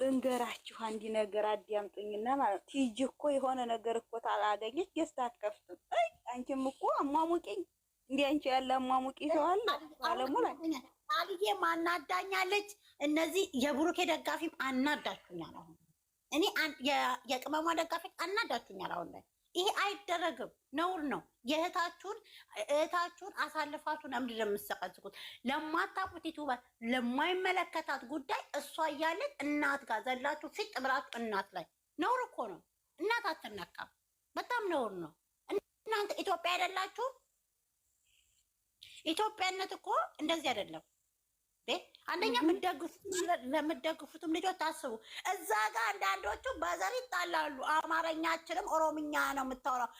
ልንገራችሁ አንድ ነገር አዳምጡኝና፣ ማለት ቲጂ እኮ የሆነ ነገር እኮ ታላገኘች ደስታ አትከፍትም። አይ አንቺም እኮ አሟሙቂኝ፣ እንዲህ አንቺ ያለ አሟሙቂ ሰዋል አለ አልዬ ማናዳኛለች። እነዚህ የብሩኬ ደጋፊም አናዳችሁኛል። አሁን እኔ የቅመሟ ደጋፊ አናዳችሁኛል። አሁን ላይ ይሄ አይደረግም፣ ነውር ነው። የእህታችሁን እህታችሁን አሳልፋችሁን እምድ ነው ለማታቁት ይቱበት ለማይመለከታት ጉዳይ እሷ እያለን እናት ጋር ዘላችሁ ፊት ብላችሁ እናት ላይ ነውር እኮ ነው። እናት አትነካም። በጣም ነውር ነው። እናንተ ኢትዮጵያ አይደላችሁ። ኢትዮጵያነት እኮ እንደዚህ አይደለም። አንደኛ ለምደግፉትም ልጆች ታስቡ። እዛ ጋር አንዳንዶቹ በዘር ይጣላሉ። አማርኛችንም ኦሮምኛ ነው የምታወራው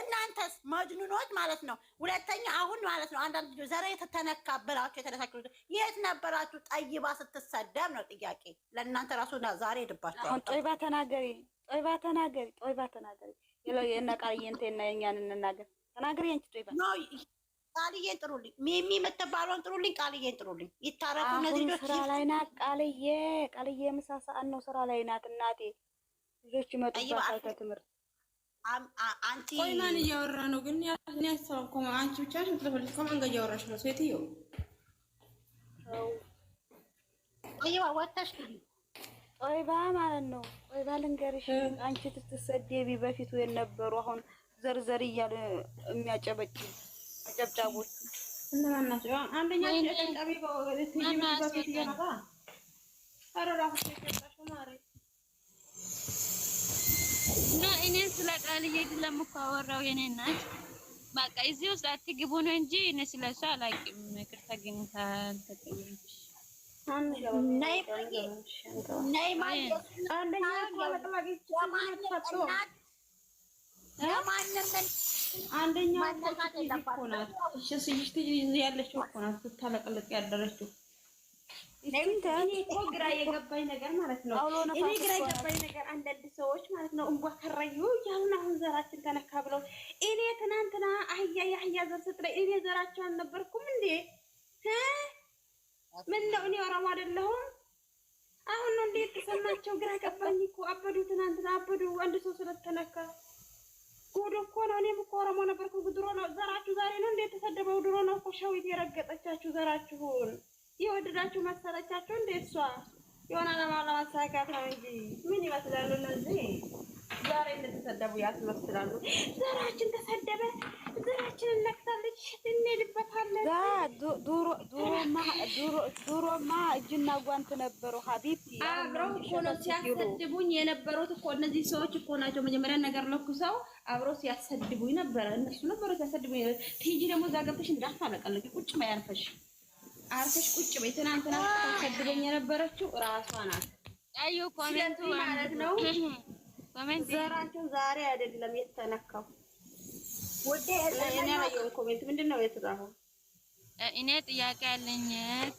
እናንተስ መጅኑኖች ማለት ነው። ሁለተኛ አሁን ማለት ነው አንዳንድ ዘረ የተተነካ ብላችሁ የተነሳችሁ የት ነበራችሁ? ጠይባ ስትሰደብ ነው ጥያቄ ለእናንተ ራሱ ዛሬ ሄድባችሁ። ጦይባ ተናገሪ፣ ጦይባ ተናገሪ፣ ጦይባ ተናገሪ ይለው የእነ ቃልዬንተ ና የኛን እንናገር ተናገሪ። አንቺ ጦይባ ነው ቃልዬን ጥሩልኝ፣ ሚሚ የምትባለውን ጥሩልኝ፣ ቃልዬን ጥሩልኝ። ይታረፉ እነዚህ ልጆች። ስራ ላይ ናት ቃልዬ፣ ቃልዬ ምሳ ሰዓት ነው ስራ ላይ ናት እናቴ። ልጆች ይመጡባታል ከትምህርት አንቲ ቆይ ማን እያወራ ነው ግን? ያን አስተዋልኩም። አንቺ ብቻሽን ትለፈልሽ ከማን ጋር እያወራሽ ነው? ሴትዮ ይዋ ወጣሽ ጦይባ ማለት ነው። ጦይባ ልንገርሽ፣ አንቺ ትትሰደቢ በፊቱ የነበሩ አሁን ዘርዘር እያሉ የሚያጨበጭ አጨብጫቦች እነማን ናቸው? አንደኛ ጨብጫቢ በፊት እየመጣ አረራሁ እራሱ የጨበጣሽው ማለት ነው። እኔ ስለ ቃልዬ አይደለም እኮ አወራው የኔ እናት በቃ እዚህ ውስጥ አትግቡ ነው እንጂ እኔ ስለ እሷ አላውቅም። ይቅርታ ግን አንደኛው ያለችው እኮ ናት ስታለቀለቅ ያደረችው ግራ የገባኝ ነገር ማለት እኔ ግራ የገባኝ ነገር አንዳንድ ሰዎች ማለት ነው እንቧ ከረዩ ያሁን አሁን ዘራችን ተነካ ብለው እኔ ትናንትና አህያ የአህያ ዘር ስትለኝ እኔ ዘራቸው አልነበርኩም እንዴ? ምን ነው እኔ ኦሮሞ አይደለሁም? አሁን ነው እንዴት ተሰማቸው? ግራ ገባኝ እኮ አበዱ። ትናንትና አበዱ። አንድ ሰው ስለተነካ ጉድ እኮ ነው። እኔም እኮ ኦሮሞ ነበርኩ። ድሮ ነው ዘራችሁ። ዛሬ ነው እንዴት ተሰደበው? ድሮ ነው እኮ ሸዊት የረገጠቻችሁ ዘራችሁን የወደዳችሁ መሰረቻችሁ እንደ እሷ የሆነ አላማ ለማሳካት ነው እንጂ ምን ይመስላሉ እነዚህ ዛሬ እንደተሰደቡ ያስመስላሉ። ዘራችን ተሰደበ፣ ዘራችን እነክታለች፣ እንሄድበታለን። ዱሮማ እጅና ጓንት ነበሩ። ሀቢብ አብረው እኮ ነው ሲያሰድቡኝ የነበሩት እኮ እነዚህ ሰዎች እኮ ናቸው። መጀመሪያ ነገር ለኩ ሰው አብረው ሲያሰድቡኝ ነበረ፣ እነሱ ነበሩ ሲያሰድቡኝ። ቲጂ ደግሞ እዛ ገብተሽ እንዳታለቀለቂ ቁጭ ማያልፈሽ አርፈሽ ቁጭ በይ። ትናንትና ተሰድበኝ የነበረችው ራሷ ናት። አዩ ኮሜንቱ ማለት ነው። ኮሜንት ዘራቸው ዛሬ አይደለም የተነካው። ወደ እኔ አየሁን ኮሜንት ምንድን ነው የተጻፈው? እኔ ጥያቄ አለኝ።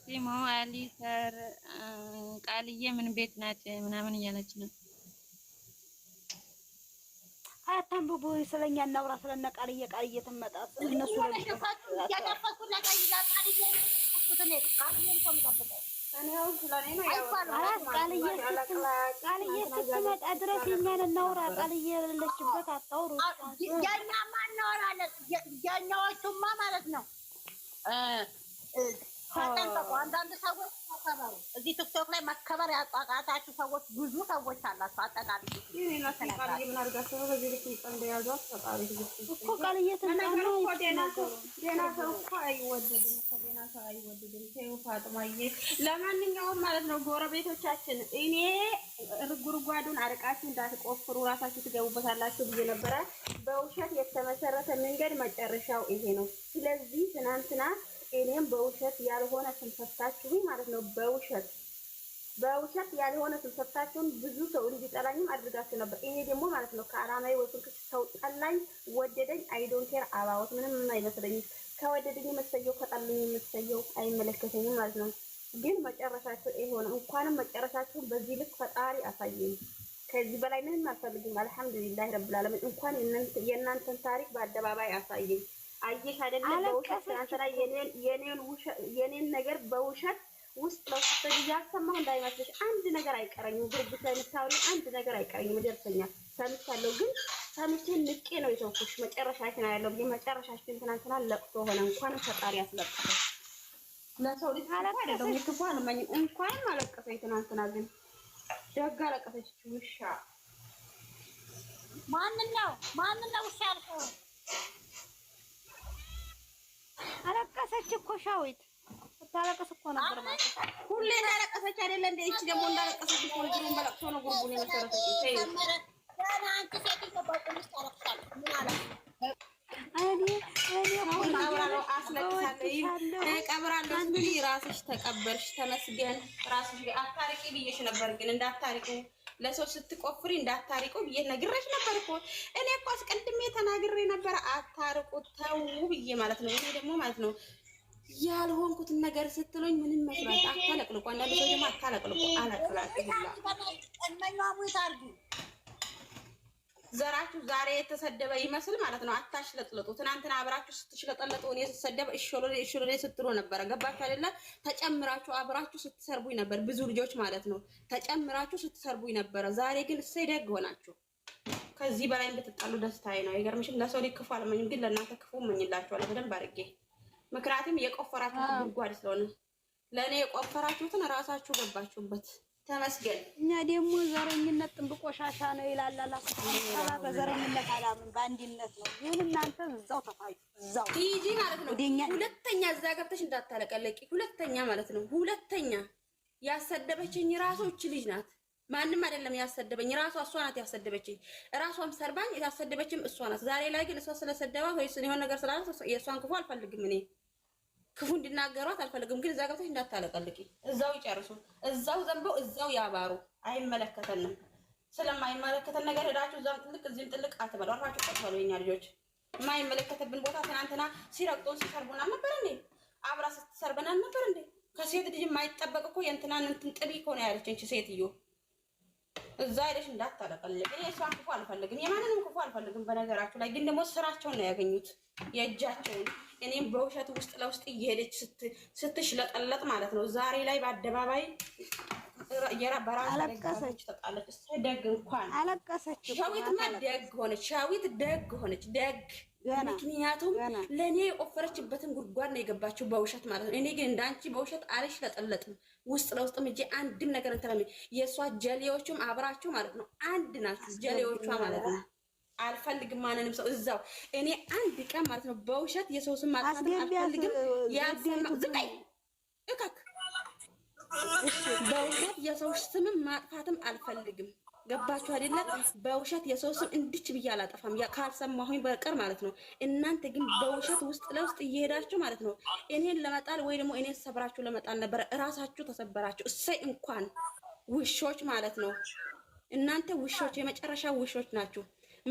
ሲሞ አሊ ሰር ቃልዬ ምን ቤት ናት ምናምን እያለች ነው። ቡቡ ስለኛ እናውራ። ስለነ ቃልዬ ቃልዬ ትመጣ እነሱ የጠበቅኩትን ቃል እኮ የምጠብቀው ቃልዬ እስክትመጣ ድረስ የእኛን እናውራ። ቃልዬ የሌለችበት አታውሩ። የእኛማ እናወራለን። የእኛዎቹማ ማለት ነው። ተጠንቀቁ አንዳንድ ሰዎች አከበሩ። እዚህ ቲክቶክ ላይ መከበር ያጣቃታችሁ ሰዎች ብዙ ሰዎች አላችሁ። አጠቃላይ ለማንኛውም ማለት ነው ጎረቤቶቻችን፣ እኔ ጉድጓዱን አርቃችሁ እንዳትቆፍሩ ራሳችሁ ትገቡበታላችሁ ብዬ ነበረ። በውሸት የተመሰረተ መንገድ መጨረሻው ይሄ ነው። ስለዚህ ትናንትና እኔም በውሸት ያልሆነ ስም ሰጥታችሁኝ ማለት ነው። በውሸት በውሸት ያልሆነ ስም ሰጥታችሁን ብዙ ሰው እንዲጠላኝም አድርጋችሁ ነበር። ይሄ ደግሞ ማለት ነው ከአላማዬ ወስንክሽ ሰው ጠላኝ ወደደኝ፣ አይዶን ኬር አባወት ምንም አይመስለኝም። ከወደደኝ የምትሰየው ከጠላኝ የምትሰየው አይመለከተኝም ማለት ነው። ግን ይሄ ሆነ። እንኳንም መጨረሻችሁን በዚህ ልክ ፈጣሪ አሳየኝ። ከዚህ በላይ ምንም አልፈልግም። አልሐምዱሊላህ ረብል ዓለሚን። እንኳን የእናንተን ታሪክ በአደባባይ አሳየኝ። አየሽ አይደለ? በውሸት ትናንትና የኔን ነገር በውሸት ውስጥ ለውስጥ እያሰማሁ እንዳይመስልሽ። አንድ ነገር አይቀረኝም፣ ግርብ ላይ አንድ ነገር አይቀረኝም። ደርሰኛ ሰምቻለሁ፣ ግን ሰምቼ ንቄ ነው የተውኩሽ። መጨረሻችን ያለው ብዬ መጨረሻችን ትናንትና ለቅሶ ሆነ። እንኳን ፈጣሪ ያስለቀሰ ለሰው ልጅ ሀላፊ አይደለም። ክፉ አልመኝም። እንኳን አለቀሰኝ። ትናንትና ግን ደጋ አለቀሰች። ውሻ ማንን ነው ማንን ነው ውሻ ያልከው? አለቀሰች እኮ ሻዊት ታለቀስ እኮ ነበር ማለት ሁሌ እንዳለቀሰች አይደለ እንደ እቺ ደግሞ እንዳለቀሰች እኮ ልጅ ነው በለቅሶ ነው ጉርቡ ነው ተረፈች ተይ አንቺ ሴት ተባጥምሽ ታረፍታለች ምን አለ አይደል ቀብራለሁ ስትይ ራስሽ ተቀበርሽ። ተመስገን ራስሽ አታሪቂ ብዬሽ ነበር፣ ግን እንዳታሪቁ ለሰው ስትቆፍሪ እንዳታሪቁ ብዬ ነግሬሽ ነበር እኮ እኔ እኮ አስቀድሜ ተናግሬ ነበር። አታርቁ ተው ብዬ ማለት ነው። እኔ ደግሞ ማለት ነው ያልሆንኩትን ነገር ስትሉኝ ምንም መስራት አታለቅልቁ። አንዳንድ ሰው ደግሞ አታለቅልቁ አላቅላቅላ ዘራችሁ ዛሬ የተሰደበ ይመስል ማለት ነው። አታሽለጥልጡ። ትናንትና አብራችሁ ስትሽለጠለጡ እኔ ስትሰደበ እሽሎሌ ስትሉ ነበረ። ገባችሁ አይደለ? ተጨምራችሁ አብራችሁ ስትሰርቡኝ ነበር። ብዙ ልጆች ማለት ነው ተጨምራችሁ ስትሰርቡኝ ነበረ። ዛሬ ግን እሰይ ደግ ሆናችሁ። ከዚህ በላይ ብትጣሉ ደስታዬ ነው። አይገርምሽም? ለሰው ልጅ ክፉ አልመኝም፣ ግን ለእናንተ ክፉ እመኝላችኋለሁ በደንብ አድርጌ። ምክንያቱም የቆፈራችሁ ጉድጓድ ስለሆነ ለእኔ የቆፈራችሁትን እራሳችሁ ገባችሁበት። ተመስገን። እኛ ደግሞ ዘረኝነት ጥንብ ቆሻሻ ነው ይላል አላ በዘረኝነት አላምን በአንድነት ነው። ይሁን እናንተ እዛው ተፋዩ እዛው ሂጂ ማለት ነው። ሁለተኛ እዛ ገብተሽ እንዳታለቀለቂ። ሁለተኛ ማለት ነው። ሁለተኛ ያሰደበችኝ ራሶች ልጅ ናት። ማንም አይደለም ያሰደበኝ፣ ራሷ እሷ ናት ያሰደበችኝ። ራሷም ሰርባኝ ያሰደበችም እሷ ናት። ዛሬ ላይ ግን እሷ ስለሰደባ ወይ የሆነ ነገር ስላላት የእሷን ክፉ አልፈልግም እኔ ክፉ እንዲናገሯት አልፈለግም፣ ግን እዛ ገብተሽ እንዳታለቀልቂ። እዛው ይጨርሱ፣ እዛው ዘንበው፣ እዛው ያባሩ። አይመለከተንም። ስለማይመለከተን ነገር ሄዳችሁ እዛም ጥልቅ እዚህም ጥልቅ አትበሉ። አርፋችሁ ቁጭ በሉ። የኛ ልጆች የማይመለከተብን ቦታ ትናንትና ሲረግጡን ሲሰርቡን አልነበር እንዴ? አብራ ስትሰርብን አልነበር እንዴ? ከሴት ልጅ የማይጠበቅ እኮ የእንትናን እንትን ጥቢ ከሆነ ያለች እንቺ ሴትዮ እዛ ሄደሽ እንዳታለቀልቅ። እኔ እሷን ክፉ አልፈልግም፣ የማንንም ክፉ አልፈልግም። በነገራችሁ ላይ ግን ደግሞ ስራቸውን ነው ያገኙት የእጃቸውን እኔም በውሸት ውስጥ ለውስጥ እየሄደች ስትሽለጠለጥ ማለት ነው። ዛሬ ላይ በአደባባይ በራሳለቀሰች ተጣለች። ደግ እንኳን አለቀሰች። ሻዊትማ ደግ ሆነች። ሻዊት ደግ ሆነች። ደግ ምክንያቱም ለእኔ የቆፈረችበትን ጉድጓድ ነው የገባችው በውሸት ማለት ነው። እኔ ግን እንዳንቺ በውሸት አልሽለጠለጥም። ውስጥ ለውስጥም እጄ አንድም ነገር እንትን የእሷ ጀሌዎቹም አብራችሁ ማለት ነው አንድ ናችሁ ጀሌዎቿ ማለት ነው አልፈልግም ማንንም ሰው እዛው እኔ አንድ ቀን ማለት ነው በውሸት የሰው ስም ማጥፋት አልፈልግም። ዝቀይ እከክ በውሸት የሰው ስም ማጥፋትም አልፈልግም። ገባችሁ አይደለ? በውሸት የሰው ስም እንድች ብዬ አላጠፋም ካልሰማሁኝ በቀር ማለት ነው። እናንተ ግን በውሸት ውስጥ ለውስጥ እየሄዳችሁ ማለት ነው እኔን ለመጣል ወይ ደግሞ እኔን ሰብራችሁ ለመጣል ነበረ። እራሳችሁ ተሰበራችሁ። እሰይ እንኳን ውሾች ማለት ነው። እናንተ ውሾች፣ የመጨረሻ ውሾች ናችሁ።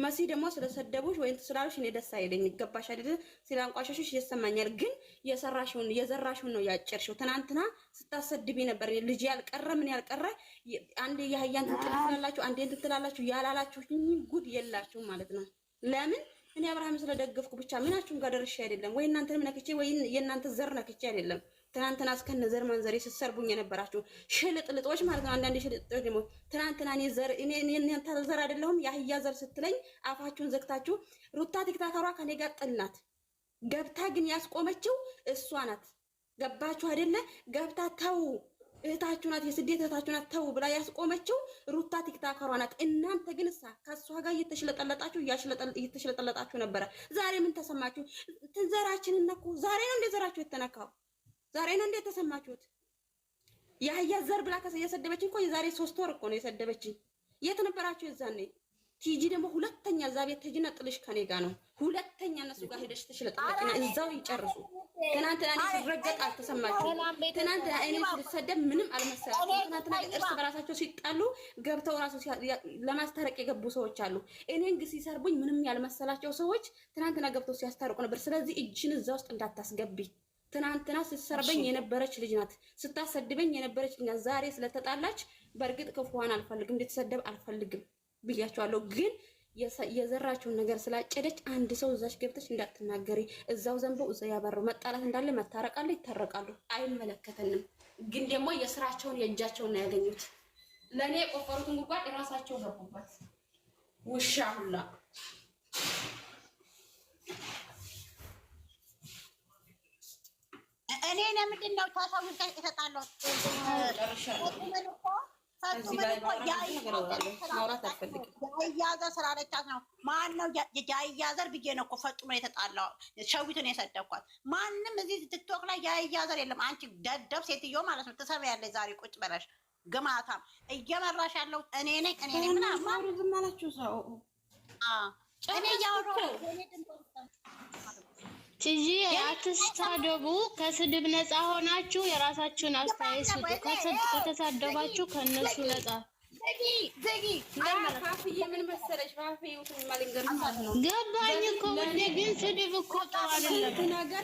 መሲ ደግሞ ስለሰደቡሽ ወይም ስላሉሽ እኔ ደስ አይለኝ። ይገባሽ አይደል? ስላንቋሸሹሽ ይሰማኛል። ግን የሰራሽውን የዘራሽውን ነው ያጨርሽው። ትናንትና ስታሰድቢ ነበር። ልጅ ያልቀረ ምን ያልቀረ አንዴ የአህያን ትጥላላችሁ፣ አንዴ ትጥላላችሁ። ያላላችሁ ጉድ የላችሁ ማለት ነው። ለምን እኔ አብርሃም ስለደገፍኩ ብቻ ምናችሁም ጋር ደርሼ አይደለም ወይ እናንተንም ነክቼ ወይ የእናንተ ዘር ነክቼ አይደለም ትናንትና እስከነ ዘር ማንዘሬ ስትሰርቡኝ የነበራችሁ ሽልጥልጦች ማለት ነው። አንዳንድ ሽልጥልጦች ደግሞ ትናንትና እኔ ዘር እናንተ ዘር አይደለሁም የአህያ ዘር ስትለኝ አፋችሁን ዘግታችሁ ሩታ ትክታከሯ ከኔ ጋር ጥልናት ገብታ ግን ያስቆመችው እሷ ናት። ገባችሁ አይደለ? ገብታ ተው እህታችሁ ናት፣ የስደት እህታችሁ ናት ተው ብላ ያስቆመችው ሩታ ቲክታከሯ ናት። እናንተ ግን እሳ ከእሷ ጋር እየተሽለጠለጣችሁ እየተሽለጠለጣችሁ ነበረ። ዛሬ ምን ተሰማችሁ? ዘራችን እነኩ ዛሬ ነው እንደ ዘራችሁ የተነካው ዛሬ ነው እንዴት ተሰማችሁት? የአህያ ዘር ብላ የሰደበችኝ እኮ የዛሬ ሶስት ወር እኮ ነው የሰደበችኝ። የት ነበራችሁ የዛኔ? ቲጂ ደግሞ ሁለተኛ እዛ ቤት ጥልሽ ከኔ ጋር ነው ሁለተኛ እነሱ ጋር ሄደሽ ትሽለጥለጭና እዛው ይጨርሱ። ትናንትና እኔ ስረገጥ አልተሰማችሁም? ትናንትና እኔ ስሰደብ ምንም አልመሰላችሁም? ትናንትና እርስ በራሳቸው ሲጣሉ ገብተው ራሱ ለማስታረቅ የገቡ ሰዎች አሉ። እኔን ግን ሲሰርቡኝ ምንም ያልመሰላቸው ሰዎች ትናንትና ገብተው ሲያስታርቁ ነበር። ስለዚህ እጅን እዛ ውስጥ እንዳታስገቢ ትናንትና ስትሰርበኝ የነበረች ልጅ ናት፣ ስታሰድበኝ የነበረች ልጅ ናት። ዛሬ ስለተጣላች በእርግጥ ክፉዋን አልፈልግም፣ እንድትሰደብ አልፈልግም ብያቸዋለሁ። ግን የዘራችውን ነገር ስላጨደች አንድ ሰው እዛች ገብተች እንዳትናገሪ፣ እዛው ዘንበው እዛ ያበረው መጣላት እንዳለ መታረቃለ፣ ይታረቃሉ፣ አይመለከተንም። ግን ደግሞ የስራቸውን የእጃቸውን ነው ያገኙት። ለእኔ የቆፈሩትን ጉድጓድ ራሳቸው ገቡበት። ውሻ ሁላ እኔ ለምንድን ነው ታሳው ጋር የተጣለው? ቁጥሩን እኮ ስራ ለቻት ነው። ማን ነው የአያዘር ብዬ ነው እኮ ፈጡመ የተጣላው ሸዊቱን የሰደብኳት። ማንም እዚህ ቲክቶክ ላይ የአያዘር የለም። አንቺ ደደብ ሴትዮ ማለት ነው። ትሰሪያለሽ ዛሬ ቁጭ ብለሽ ግማታም። እየመራሽ ያለው እኔ ነኝ እኔ ነኝ ምናምን ዝም አላችሁ ሰው እኔ እያወራሁ ትጂ አትሳደቡ። ከስድብ ነፃ ሆናችሁ የራሳችሁን አስተያየት ስጡ። ከተሳደባችሁ ከእነሱ ነፃ ገባኝ እኮ ውዴ፣ ግን ስድብ እኮ ጥሩ አይደለም።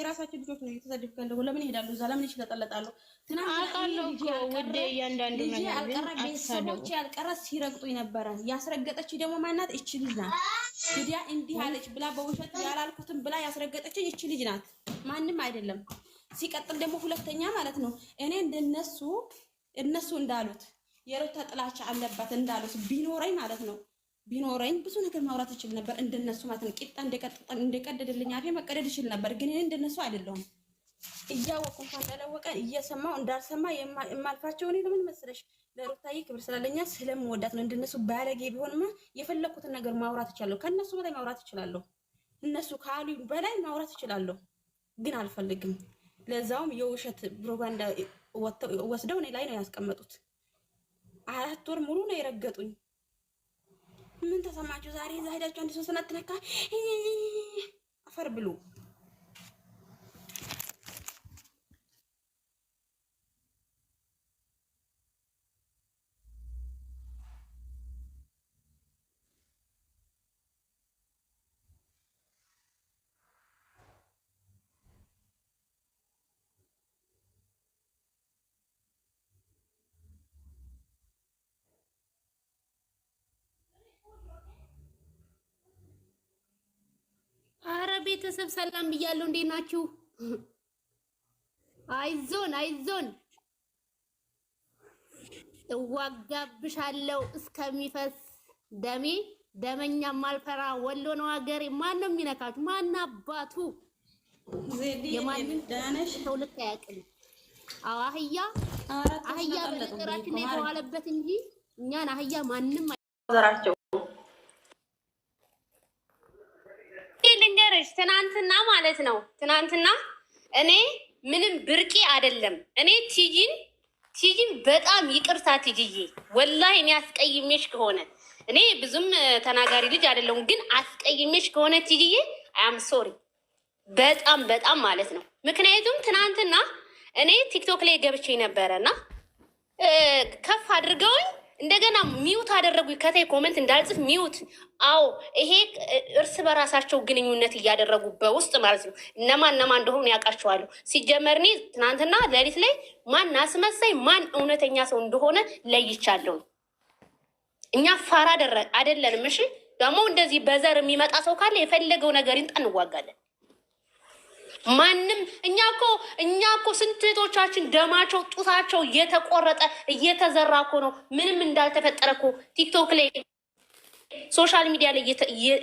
የራሳቸው ልጆች ነው እየተሰደብክ ያለው። ለምን ይሄዳሉ እዛ? ለምን ይሽለጠለጣሉ? ቤተሰቦች ያልቀረ ሲረግጡኝ ነበረ። ያስረገጠች ደግሞ ማናት? እች ልጅ ናት። ግዲያ እንዲህ አለች ብላ በውሸት ያላልኩትም ብላ ያስረገጠችኝ እች ልጅ ናት፣ ማንም አይደለም። ሲቀጥል ደግሞ ሁለተኛ ማለት ነው እኔ እንደነሱ እነሱ እንዳሉት የሩታ ጥላቻ አለባት እንዳሉት ቢኖረኝ ማለት ነው ቢኖረኝ ብዙ ነገር ማውራት እችል ነበር፣ እንደነሱ ማለት ነው። ቂጣ እንደቀደደልኝ አፌ መቀደድ እችል ነበር፣ ግን እንደነሱ አይደለሁም። እያወቁ እንኳን ያላወቀን እየሰማው እንዳልሰማ የማልፋቸው እኔ ለምን መስለሽ ለሩታዬ ክብር ስላለኛ ስለምወዳት ነው። እንደነሱ ባለጌ ቢሆንማ የፈለግኩትን ነገር ማውራት እችላለሁ፣ ከእነሱ በላይ ማውራት እችላለሁ፣ እነሱ ካሉ በላይ ማውራት እችላለሁ፣ ግን አልፈልግም። ለዛውም የውሸት ፕሮፓጋንዳ ወስደው እኔ ላይ ነው ያስቀመጡት። አራት ወር ሙሉ ነው የረገጡኝ። ምን ተሰማችሁ ዛሬ? እዛ ሄዳችሁ አንድ ሶስት ናት ነካ አፈር ብሉ። ቤተሰብ ሰላም ብያለሁ። እንዴት ናችሁ? አይዞን አይዞን፣ እዋጋብሻለሁ እስከሚፈስ ደሜ። ደመኛ ማልፈራ ወሎ ነው ሀገሬ። ማን ነው የሚነካችሁ? ማን አባቱ የማንም ሰው ልክ አያውቅም። አዎ አህያ አህያ በነገራችን ላይ የተዋለበት እንጂ እኛን አህያ ማንም ዘራቸው ይኸውልሽ ትናንትና ማለት ነው ትናንትና እኔ ምንም ብርቂ አይደለም። እኔ ቲጂን ቲጂን በጣም ይቅርታ ቲጂዬ፣ ወላሂ እኔ አስቀይሜሽ ከሆነ እኔ ብዙም ተናጋሪ ልጅ አይደለሁም፣ ግን አስቀይሜሽ ከሆነ ቲጂዬ አም ሶሪ በጣም በጣም ማለት ነው። ምክንያቱም ትናንትና እኔ ቲክቶክ ላይ ገብቼ ነበረ እና ከፍ አድርገውኝ እንደገና ሚውት አደረጉ። ከታይ ኮመንት እንዳልጽፍ ሚውት። አዎ ይሄ እርስ በራሳቸው ግንኙነት እያደረጉ በውስጥ ማለት ነው። እነማ እነማ እንደሆኑ ያውቃቸዋለሁ። ሲጀመር እኔ ትናንትና ሌሊት ላይ ማን አስመሳይ ማን እውነተኛ ሰው እንደሆነ ለይቻለሁ። እኛ ፋራ አይደለንም። እሺ ደግሞ እንደዚህ በዘር የሚመጣ ሰው ካለ የፈለገው ነገር ይንጣ እንዋጋለን። ማንም እኛ ኮ እኛ ኮ ስንት ቤቶቻችን ደማቸው ጡታቸው እየተቆረጠ እየተዘራ ኮ ነው። ምንም እንዳልተፈጠረ ኮ ቲክቶክ ላይ ሶሻል ሚዲያ ላይ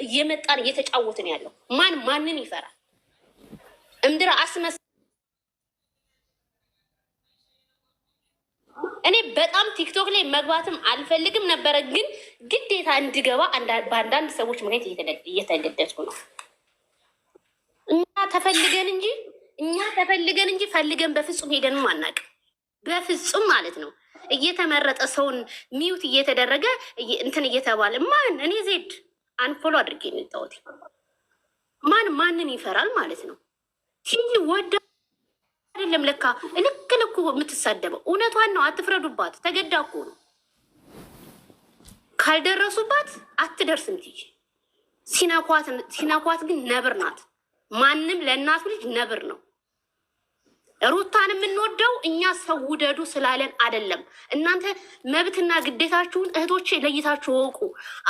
እየመጣን እየተጫወትን ያለው ማን ማንን ይፈራል? እምድር አስመስ እኔ በጣም ቲክቶክ ላይ መግባትም አልፈልግም ነበረ፣ ግን ግዴታ እንድገባ በአንዳንድ ሰዎች ምክንያት እየተገደድኩ ነው። ተፈልገን እንጂ እኛ ተፈልገን እንጂ ፈልገን በፍጹም ሄደንም አናውቅም። በፍጹም ማለት ነው። እየተመረጠ ሰውን ሚዩት እየተደረገ እንትን እየተባለ ማን እኔ ዜድ አንፎሎ አድርጌ የሚጣወት ማን ማንን ይፈራል ማለት ነው። ቲጂ ወደ አይደለም ለካ ልክ ልኩ የምትሳደበው እውነቷን ነው። አትፍረዱባት። ተገዳ እኮ ነው። ካልደረሱባት አትደርስም። ቲጂ ሲናኳት ግን ነብር ናት። ማንም ለእናቱ ልጅ ነብር ነው። ሩታን የምንወደው እኛ ሰው ውደዱ ስላለን አይደለም። እናንተ መብትና ግዴታችሁን እህቶች ለይታችሁ ወቁ።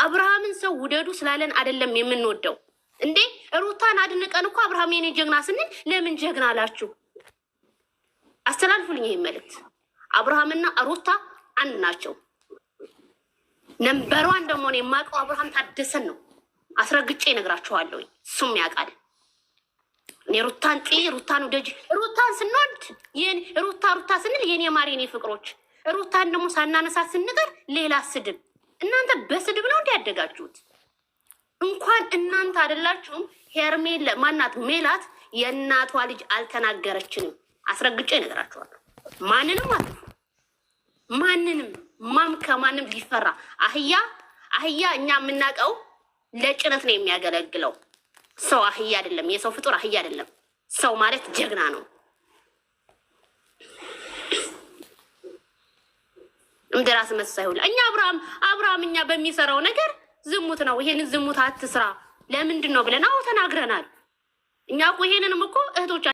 አብርሃምን ሰው ውደዱ ስላለን አይደለም የምንወደው። እንዴ ሩታን አድንቀን እኮ አብርሃም የኔ ጀግና ስንል ለምን ጀግና አላችሁ? አስተላልፉልኝ ይህ መልእክት። አብርሃምና ሩታ አንድ ናቸው። ነንበሯን ደግሞ የማውቀው አብርሃም ታደሰን ነው። አስረግጬ እነግራችኋለሁ። እሱም ያውቃል። የሩታን ጥ ሩታን ውደጅ። ሩታን ስንወድ ሩታ ሩታ ስንል የኔ ማር ፍቅሮች፣ ሩታን ደግሞ ሳናነሳ ስንቀር ሌላ ስድብ። እናንተ በስድብ ነው እንዲህ ያደጋችሁት። እንኳን እናንተ አደላችሁም። ሄርሜለ ማናት ሜላት የእናቷ ልጅ አልተናገረችንም። አስረግጬ እነግራችኋለሁ። ማንንም አት ማንንም ማም ከማንም ሊፈራ አህያ አህያ እኛ የምናውቀው ለጭነት ነው የሚያገለግለው ሰው አህያ አይደለም። የሰው ፍጡር አህያ አይደለም። ሰው ማለት ጀግና ነው። እምድር አስመሳይ ሁላ እኛ አብርሃም አብርሃም እኛ በሚሰራው ነገር ዝሙት ነው። ይሄንን ዝሙት አትስራ ለምንድን ነው ብለን አዎ ተናግረናል። እኛ እኮ ይሄንንም እኮ እህቶቻ